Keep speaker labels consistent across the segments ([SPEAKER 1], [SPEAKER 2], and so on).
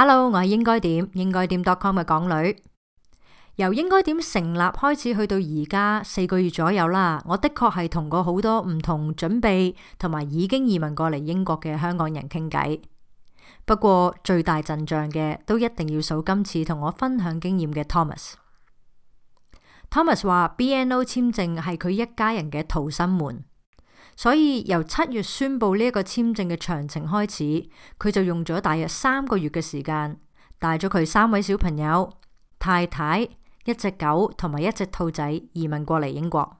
[SPEAKER 1] Hello，我係應該點應該點 dot com 嘅港女。由應該點成立開始，去到而家四個月左右啦。我的確係同過好多唔同準備同埋已經移民過嚟英國嘅香港人傾偈。不過最大陣仗嘅都一定要數今次同我分享經驗嘅 Thomas。Thomas 話 BNO 簽證係佢一家人嘅逃生門。所以由七月宣布呢一個簽證嘅詳情開始，佢就用咗大約三個月嘅時間，帶咗佢三位小朋友、太太、一隻狗同埋一隻兔仔移民過嚟英國。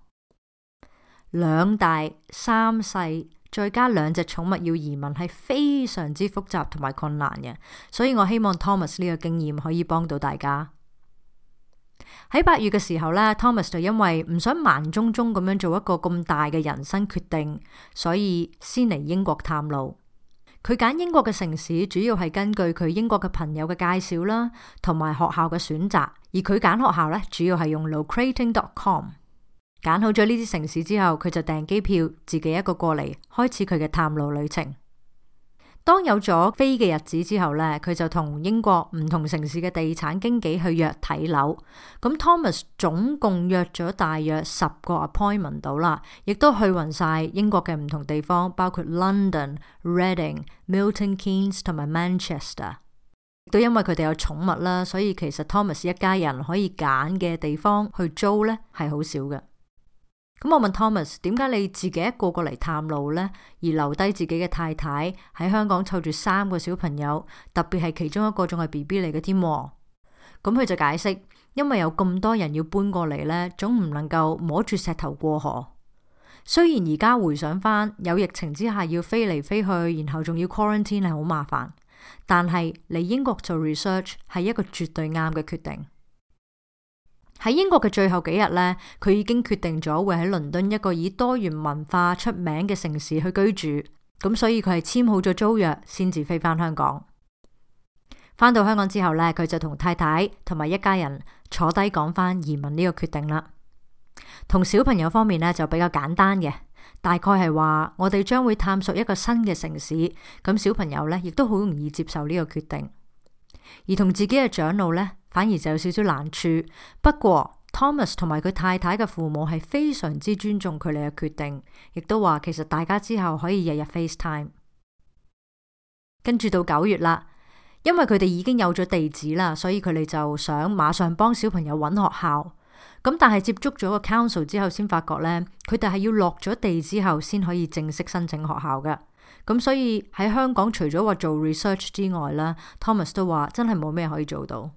[SPEAKER 1] 兩大三細，再加兩隻寵物要移民係非常之複雜同埋困難嘅，所以我希望 Thomas 呢個經驗可以幫到大家。喺八月嘅時候咧，Thomas 就因為唔想盲中中咁樣做一個咁大嘅人生決定，所以先嚟英國探路。佢揀英國嘅城市主要係根據佢英國嘅朋友嘅介紹啦，同埋學校嘅選擇。而佢揀學校咧，主要係用 Locrating.com。揀好咗呢啲城市之後，佢就訂機票，自己一個過嚟，開始佢嘅探路旅程。當有咗飛嘅日子之後呢，佢就同英國唔同城市嘅地產經紀去約睇樓。咁 Thomas 總共約咗大約十個 appointment 到啦，亦都去勻晒英國嘅唔同地方，包括 London、Reading、Milton Keynes 同埋 Manchester。都因為佢哋有寵物啦，所以其實 Thomas 一家人可以揀嘅地方去租呢係好少嘅。咁我問 Thomas，點解你自己一個個嚟探路呢？而留低自己嘅太太喺香港湊住三個小朋友，特別係其中一個仲係 B B 嚟嘅添。咁、嗯、佢、嗯、就解釋，因為有咁多人要搬過嚟呢，總唔能夠摸住石頭過河。雖然而家回想翻，有疫情之下要飛嚟飛去，然後仲要 quarantine 係好麻煩，但係嚟英國做 research 係一個絕對啱嘅決定。喺英國嘅最後幾日咧，佢已經決定咗會喺倫敦一個以多元文化出名嘅城市去居住，咁所以佢係簽好咗租約先至飛翻香港。翻到香港之後咧，佢就同太太同埋一家人坐低講翻移民呢個決定啦。同小朋友方面咧，就比較簡單嘅，大概係話我哋將會探索一個新嘅城市，咁小朋友咧亦都好容易接受呢個決定，而同自己嘅長老咧，反而就有少少難處。不過 Thomas 同埋佢太太嘅父母係非常之尊重佢哋嘅決定，亦都話其實大家之後可以日日 FaceTime。跟住到九月啦，因為佢哋已經有咗地址啦，所以佢哋就想馬上幫小朋友揾學校。咁但係接觸咗個 Council 之後，先發覺呢，佢哋係要落咗地之後先可以正式申請學校嘅。咁所以喺香港除咗話做 research 之外咧，Thomas 都話真係冇咩可以做到。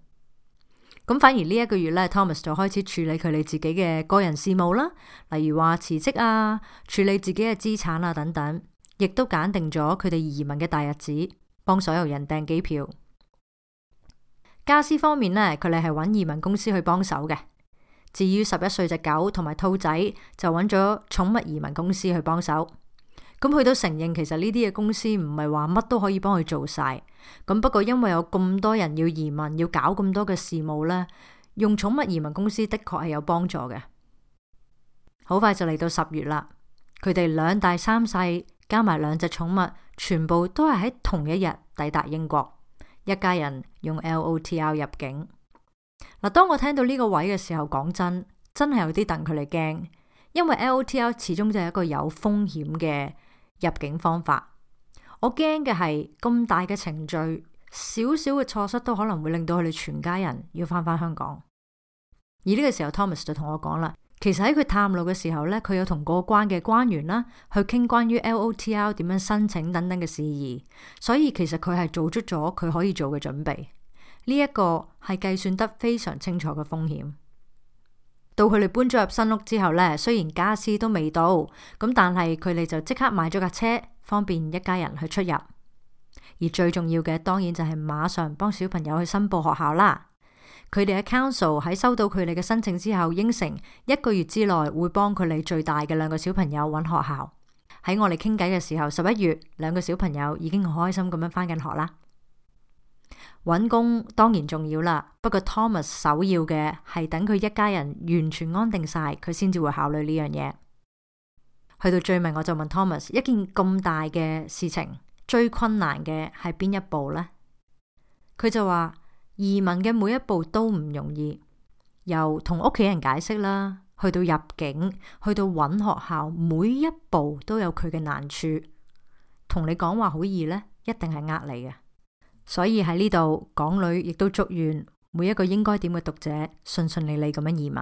[SPEAKER 1] 咁反而呢一個月咧，Thomas 就開始處理佢哋自己嘅個人事務啦，例如話辭職啊，處理自己嘅資產啊等等，亦都揀定咗佢哋移民嘅大日子，幫所有人訂機票。家私方面咧，佢哋係揾移民公司去幫手嘅。至於十一歲隻狗同埋兔仔，就揾咗寵物移民公司去幫手。咁佢都承認，其實呢啲嘅公司唔係話乜都可以幫佢做晒。咁不過因為有咁多人要移民，要搞咁多嘅事務咧，用寵物移民公司的確係有幫助嘅。好快就嚟到十月啦，佢哋兩大三細加埋兩隻寵物，全部都係喺同一日抵達英國。一家人用 LOTL 入境。嗱，當我聽到呢個位嘅時候，講真，真係有啲戥佢哋驚，因為 LOTL 始終就係一個有風險嘅。入境方法，我驚嘅係咁大嘅程序，少少嘅錯失都可能會令到佢哋全家人要翻返香港。而呢個時候，Thomas 就同我講啦，其實喺佢探路嘅時候呢，佢有同過關嘅官員啦去傾關於 LOTL 點樣申請等等嘅事宜，所以其實佢係做出咗佢可以做嘅準備。呢一個係計算得非常清楚嘅風險。到佢哋搬咗入新屋之後呢，雖然家私都未到咁，但係佢哋就即刻買咗架車，方便一家人去出入。而最重要嘅當然就係馬上幫小朋友去申報學校啦。佢哋嘅 council 喺收到佢哋嘅申請之後，應承一個月之內會幫佢哋最大嘅兩個小朋友揾學校。喺我哋傾偈嘅時候，十一月兩個小朋友已經好開心咁樣返緊學啦。揾工當然重要啦，不過 Thomas 首要嘅係等佢一家人完全安定晒，佢先至會考慮呢樣嘢。去到最尾，我就問 Thomas 一件咁大嘅事情，最困難嘅係邊一步呢？佢就話移民嘅每一步都唔容易，由同屋企人解釋啦，去到入境，去到揾學校，每一步都有佢嘅難處。同你講話好易呢，一定係呃你嘅。所以喺呢度，港女亦都祝願每一個應該點嘅讀者順順利利咁樣移民。